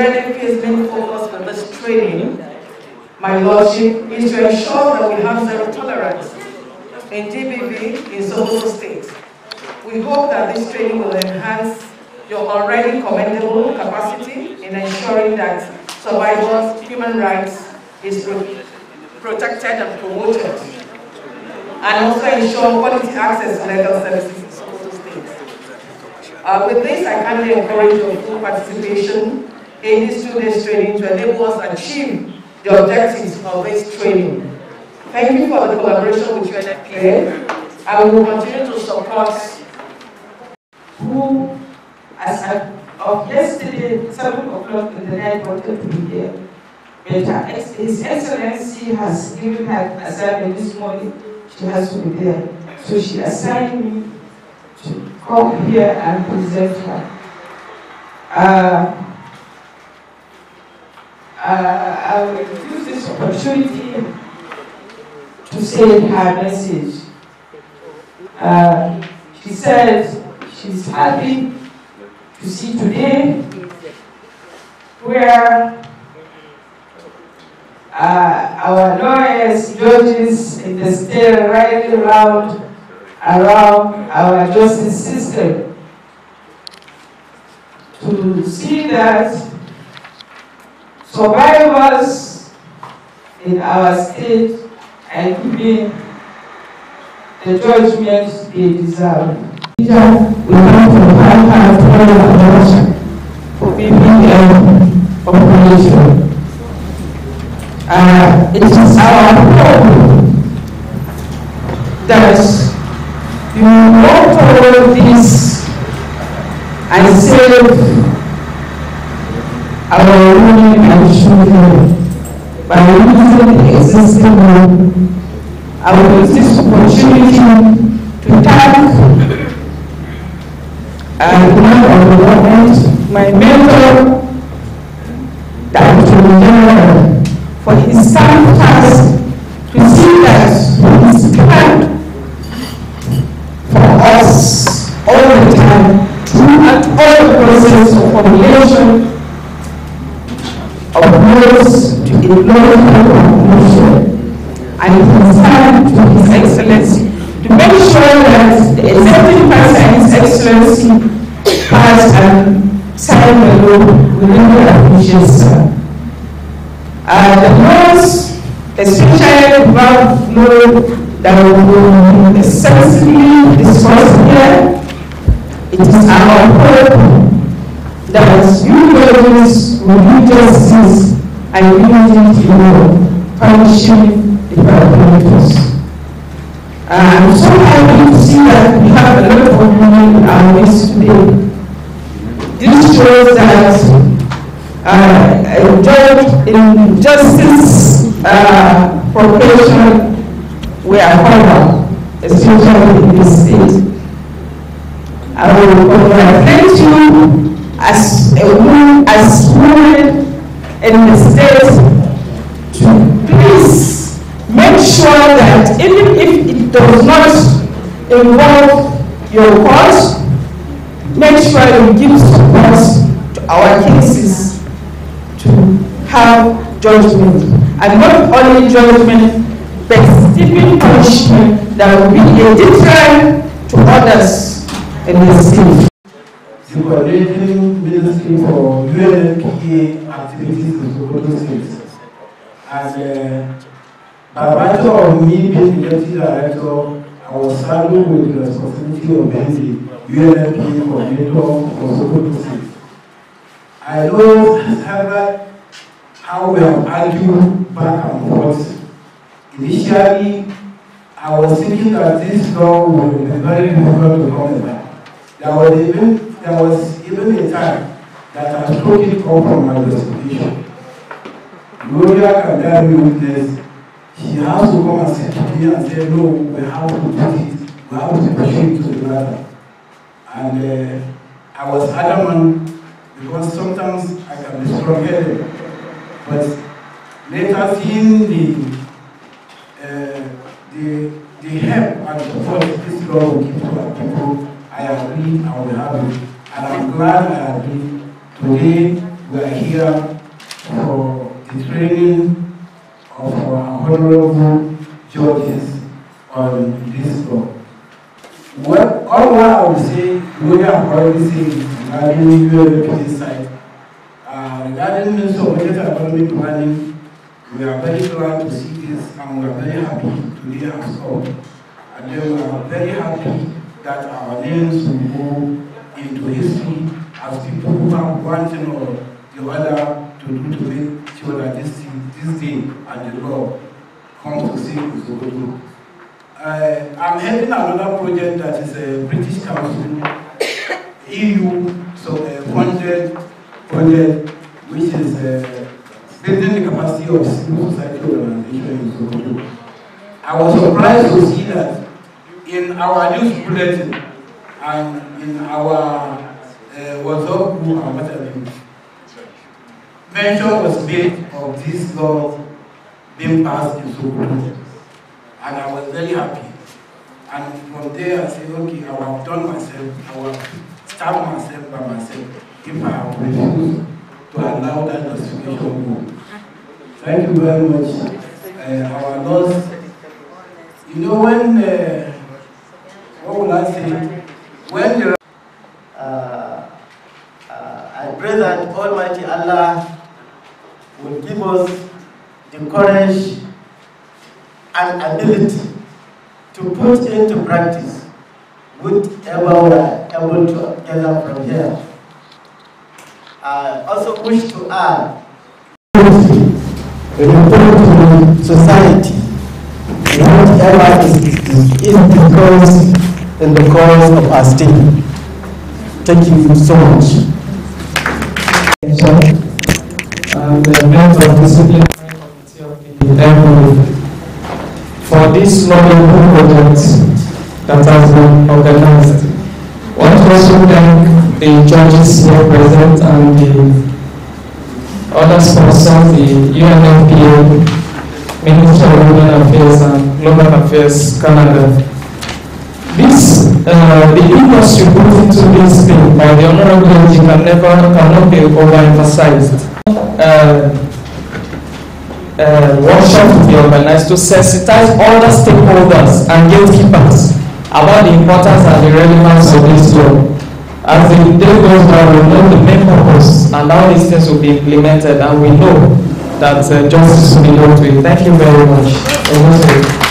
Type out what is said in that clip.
Reddick has been focused for this training, my lordship, is to ensure that we have zero tolerance in DBV in Sokoto State. We hope that this training will enhance your already commendable capacity in ensuring that survivors' human rights is protected and promoted, and also ensure quality access to legal services in Sokoto State. Uh, with this, I kindly encourage your full participation in this two-day training to enable us achieve the objectives of this training. Thank you for the collaboration with UNFPA. I will continue to support who, as of yesterday, 7 o'clock in the night, wanted to be here. But His Excellency has given her assignment this morning. She has to be there. So she assigned me to come here and present her. Uh, I will use this opportunity to send her message. Uh, she says she's happy to see today where uh, our lawyers, judges in the state right around, around our justice system to see that survivors in our state and giving the judgment they deserve. We want to thank our fellow for BPM operation. Uh, it is our hope that you will not follow this and save our women and children by using the existing I will use this opportunity to thank and one my mentor, Dr. General, for his sacrifice to and concerned to His Excellency to make sure that the executive pastor His Excellency passed and signed the law within the officials. Uh, the laws, especially above law that will be extensively discussed here, it is our hope that you ladies will be justice and unity in the world punishing the perpetrators. And sometimes we see that we have a lot of people in our midst today. This shows that uh, a judge in justice uh, profession we are covered, especially in this state. I will congratulate you sure that even if it does not involve your cause, make sure you give support to our cases to have judgment. And not only judgment, but steeping punishment that will be a deterrent to others in the city. The coordinating ministry for UNPA activities in Sokoto State. And uh, a matter of the EDP Executive Director, I was saddled with the responsibility of being the UNFP coordinator for Sokoto State. I know however, how we have argued back and forth. Initially, I was thinking that this law would be very difficult to come about. There was even there was even a time that I took it off from my justification. Gloria can bear me witness he has to come and sit to me and say, no, we have to do it. we have to push it to the brother. And uh, I was adamant because sometimes I can be strong-headed. But later seeing the, uh, the, the help and support this Lord will give to our people, I agree I will have it. And I'm glad I agree. Today we are here for the training honorable judges on this law. what all what I would say, we have already seen regarding UAP side. Uh, regarding Minister of Budget Economic Planning, we are very glad to see this and we are very happy to hear us all. And then we are very happy that our names will go into history as people who have one thing or the other to do to make sure that this, thing, this thing and the law comes to see Mr. Uh, I'm heading another project that is a uh, British Council EU so, uh, funded project which is uh, building the capacity of civil society organization in Sokoto. I was surprised to see that in our news bulletin and in our uh, WhatsApp group and what mention was made of this law being passed the Sokoto. And I was very happy. And from there I said, okay, I will have done myself, I will stab myself by myself if I refuse to allow that justification go. Thank you very much. Uh, our loss, you know when, uh, what will I say, when the uh, uh, I pray that Almighty Allah will give us the courage and ability to put into practice whatever we are able to gather from here. I also wish to add return to society. Whatever is, is because in the cause of our state. Thank you so much. So, um, the members of discipline Temple for this noble project that has been organized. I want to also thank the judges here present and the other sponsors, the UNFPA, Minister of Women Affairs and Global Affairs Canada. This, uh, the industry put into this thing by the Honorable can never cannot be overemphasized. Uh, uh, workshop to be organized to sensitize all the stakeholders and gatekeepers about the importance and the relevance of this law. As the day goes by, we know the main purpose and how these things will be implemented, and we know that uh, justice will be done to it. Thank you very much.